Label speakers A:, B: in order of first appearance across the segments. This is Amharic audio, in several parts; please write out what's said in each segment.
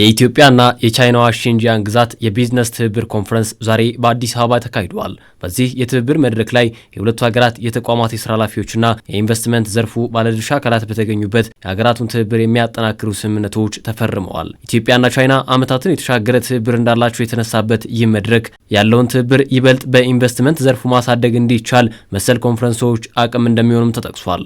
A: የኢትዮጵያና የቻይናዋ ሺንጂያን ግዛት የቢዝነስ ትብብር ኮንፈረንስ ዛሬ በአዲስ አበባ ተካሂደዋል። በዚህ የትብብር መድረክ ላይ የሁለቱ ሀገራት የተቋማት የስራ ኃላፊዎችና የኢንቨስትመንት ዘርፉ ባለድርሻ አካላት በተገኙበት የሀገራቱን ትብብር የሚያጠናክሩ ስምምነቶች ተፈርመዋል። ኢትዮጵያና ቻይና ዓመታትን የተሻገረ ትብብር እንዳላቸው የተነሳበት ይህ መድረክ ያለውን ትብብር ይበልጥ በኢንቨስትመንት ዘርፉ ማሳደግ እንዲቻል መሰል ኮንፈረንሶች አቅም እንደሚሆኑም ተጠቅሷል።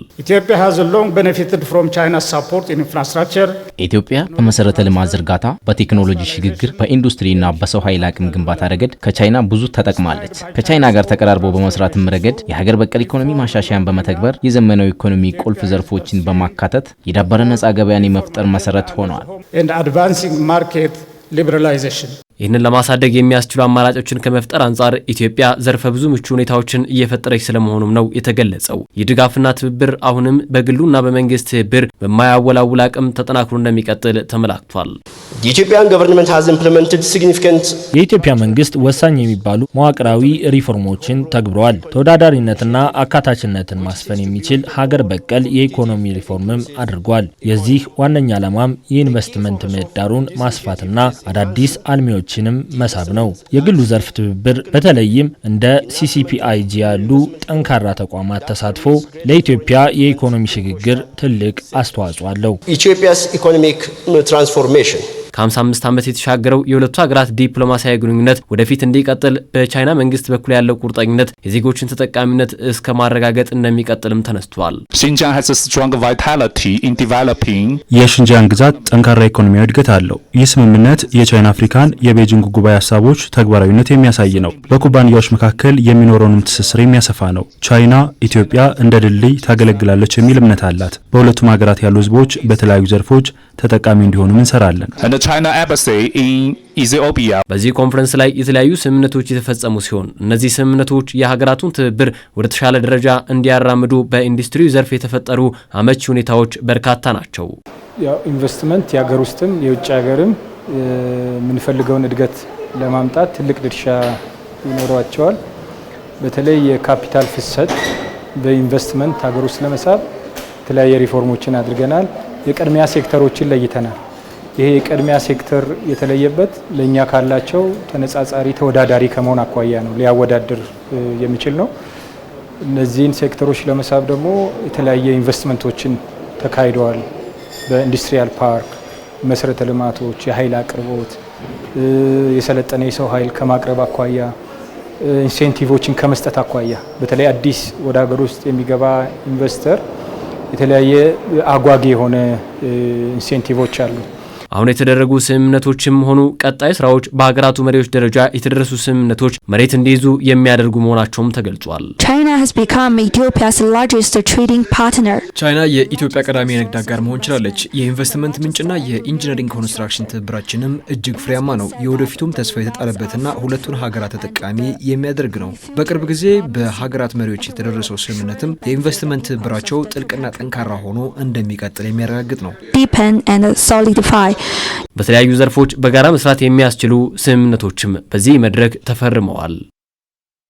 A: ኢትዮጵያ በመሰረተ ልማት ዝርጋታ ግንባታ፣ በቴክኖሎጂ ሽግግር፣ በኢንዱስትሪና በሰው ኃይል አቅም ግንባታ ረገድ ከቻይና ብዙ ተጠቅማለች። ከቻይና ጋር ተቀራርቦ በመስራትም ረገድ የሀገር በቀል ኢኮኖሚ ማሻሻያን በመተግበር የዘመናዊ ኢኮኖሚ ቁልፍ ዘርፎችን በማካተት የዳበረ ነፃ ገበያን የመፍጠር መሰረት ሆነዋል። ይህንን ለማሳደግ የሚያስችሉ አማራጮችን ከመፍጠር አንጻር ኢትዮጵያ ዘርፈ ብዙ ምቹ ሁኔታዎችን እየፈጠረች ስለመሆኑም ነው የተገለጸው። የድጋፍና ትብብር አሁንም በግሉና በመንግስት ትብብር በማያወላውል አቅም ተጠናክሮ እንደሚቀጥል ተመላክቷል። የኢትዮጵያ መንግስት ወሳኝ የሚባሉ መዋቅራዊ ሪፎርሞችን ተግብረዋል። ተወዳዳሪነትና አካታችነትን ማስፈን የሚችል ሀገር በቀል የኢኮኖሚ ሪፎርምም አድርጓል። የዚህ ዋነኛ ዓላማም የኢንቨስትመንት ምህዳሩን ማስፋትና አዳዲስ አልሚዎችንም መሳብ ነው። የግሉ ዘርፍ ትብብር በተለይም እንደ ሲሲፒአይጂ ያሉ ጠንካራ ተቋማት ተሳትፎ ለኢትዮጵያ የኢኮኖሚ ሽግግር ትልቅ አስተዋጽኦ አለው።
B: ኢትዮጵያስ ኢኮኖሚክ ትራንስፎርሜሽን
A: ከ55 ዓመት የተሻገረው የሁለቱ ሀገራት ዲፕሎማሲያዊ ግንኙነት ወደፊት እንዲቀጥል በቻይና መንግስት በኩል ያለው ቁርጠኝነት የዜጎችን ተጠቃሚነት እስከ ማረጋገጥ እንደሚቀጥልም ተነስቷል። የሽንጃን ግዛት ጠንካራ ኢኮኖሚያዊ እድገት አለው። ይህ ስምምነት የቻይና አፍሪካን የቤጂንግ ጉባኤ ሀሳቦች ተግባራዊነት የሚያሳይ ነው። በኩባንያዎች መካከል የሚኖረውንም ትስስር የሚያሰፋ ነው። ቻይና ኢትዮጵያ እንደ ድልድይ ታገለግላለች የሚል እምነት አላት። በሁለቱም ሀገራት ያሉ ህዝቦች በተለያዩ ዘርፎች ተጠቃሚ እንዲሆኑም እንሰራለን።
B: China Embassy in Ethiopia።
A: በዚህ ኮንፈረንስ ላይ የተለያዩ ስምምነቶች የተፈጸሙ ሲሆን እነዚህ ስምምነቶች የሀገራቱን ትብብር ወደ ተሻለ ደረጃ እንዲያራምዱ በኢንዱስትሪው ዘርፍ የተፈጠሩ አመቺ ሁኔታዎች በርካታ ናቸው።
C: ኢንቨስትመንት የሀገር ውስጥም የውጭ ሀገርም የምንፈልገውን እድገት ለማምጣት ትልቅ ድርሻ ይኖሯቸዋል። በተለይ የካፒታል ፍሰት በኢንቨስትመንት ሀገር ውስጥ ለመሳብ የተለያየ ሪፎርሞችን አድርገናል። የቅድሚያ ሴክተሮችን ለይተናል። ይሄ የቅድሚያ ሴክተር የተለየበት ለእኛ ካላቸው ተነጻጻሪ ተወዳዳሪ ከመሆን አኳያ ነው፣ ሊያወዳድር የሚችል ነው። እነዚህን ሴክተሮች ለመሳብ ደግሞ የተለያየ ኢንቨስትመንቶችን ተካሂደዋል። በኢንዱስትሪያል ፓርክ፣ መሰረተ ልማቶች፣ የኃይል አቅርቦት፣ የሰለጠነ የሰው ኃይል ከማቅረብ አኳያ ኢንሴንቲቮችን ከመስጠት አኳያ በተለይ አዲስ ወደ ሀገር ውስጥ የሚገባ ኢንቨስተር የተለያየ አጓጊ የሆነ ኢንሴንቲቮች አሉ።
A: አሁን የተደረጉ ስምምነቶችም ሆኑ ቀጣይ ስራዎች በሀገራቱ መሪዎች ደረጃ የተደረሱ ስምምነቶች መሬት እንዲይዙ የሚያደርጉ መሆናቸውም ተገልጿል። ቻይና የኢትዮጵያ ቀዳሚ የንግድ አጋር መሆን ችላለች። የኢንቨስትመንት ምንጭና የኢንጂነሪንግ ኮንስትራክሽን ትብብራችንም እጅግ ፍሬያማ ነው። የወደፊቱም ተስፋ የተጣለበትና ሁለቱን ሀገራት ተጠቃሚ የሚያደርግ ነው። በቅርብ ጊዜ በሀገራት መሪዎች የተደረሰው ስምምነትም የኢንቨስትመንት ትብብራቸው ጥልቅና ጠንካራ ሆኖ እንደሚቀጥል የሚያረጋግጥ ነው። በተለያዩ ዘርፎች በጋራ መስራት የሚያስችሉ ስምምነቶችም በዚህ መድረክ ተፈርመዋል።